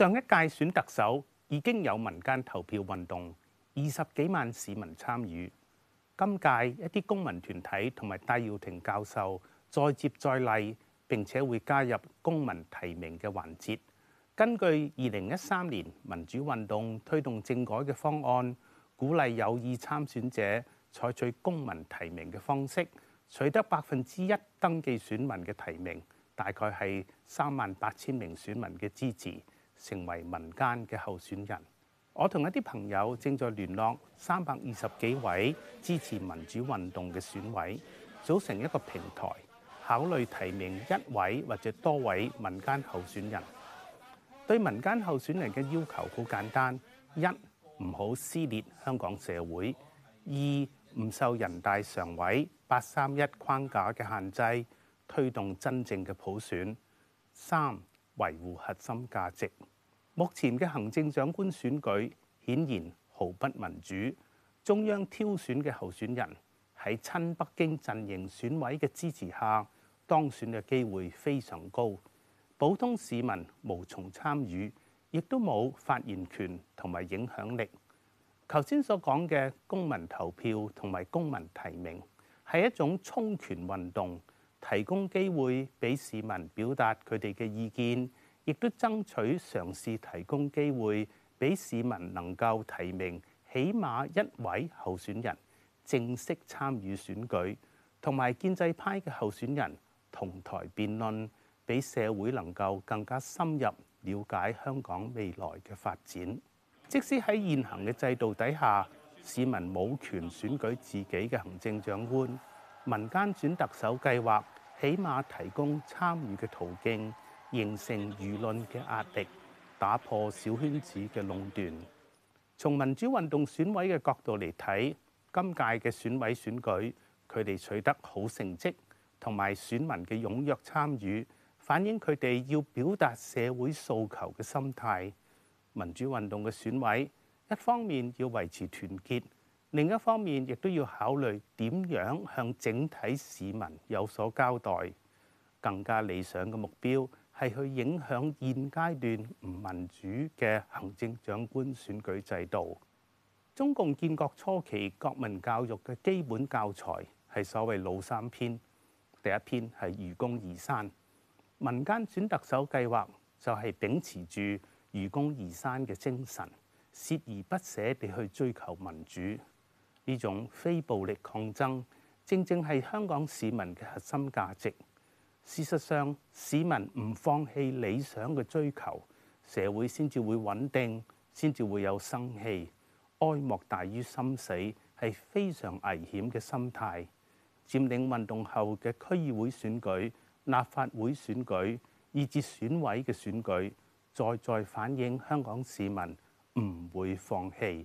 上一屆選特首已經有民間投票運動，二十幾萬市民參與。今屆一啲公民團體同埋戴耀廷教授再接再厲，並且會加入公民提名嘅環節。根據二零一三年民主運動推動政改嘅方案，鼓勵有意參選者採取公民提名嘅方式，取得百分之一登記選民嘅提名，大概係三萬八千名選民嘅支持。成為民間嘅候選人，我同一啲朋友正在聯絡三百二十幾位支持民主運動嘅選委，組成一個平台，考慮提名一位或者多位民間候選人。對民間候選人嘅要求好簡單：一、唔好撕裂香港社會；二、唔受人大常委八三一框架嘅限制，推動真正嘅普選；三……維護核心價值。目前嘅行政長官選舉顯然毫不民主。中央挑選嘅候選人喺親北京陣營選委嘅支持下，當選嘅機會非常高。普通市民無從參與，亦都冇發言權同埋影響力。頭先所講嘅公民投票同埋公民提名係一種充權運動。提供機會俾市民表達佢哋嘅意見，亦都爭取嘗試提供機會俾市民能夠提名起碼一位候選人正式參與選舉，同埋建制派嘅候選人同台辯論，俾社會能夠更加深入了解香港未來嘅發展。即使喺現行嘅制度底下，市民冇權選舉自己嘅行政長官。民間選特首計劃，起碼提供參與嘅途徑，形成輿論嘅壓力，打破小圈子嘅壟斷。從民主運動選委嘅角度嚟睇，今屆嘅選委選舉，佢哋取得好成績，同埋選民嘅踴躍參與，反映佢哋要表達社會訴求嘅心態。民主運動嘅選委，一方面要維持團結。另一方面，亦都要考慮點樣向整體市民有所交代，更加理想嘅目標係去影響現階段唔民主嘅行政長官選舉制度。中共建國初期國民教育嘅基本教材係所謂老三篇，第一篇係愚公移山。民間選特首計劃就係秉持住愚公移山嘅精神，鍥而不捨地去追求民主。呢種非暴力抗爭，正正係香港市民嘅核心價值。事實上，市民唔放棄理想嘅追求，社會先至會穩定，先至會有生氣。哀莫大於心死，係非常危險嘅心態。佔領運動後嘅區議會選舉、立法會選舉，以至選委嘅選舉，再再反映香港市民唔會放棄。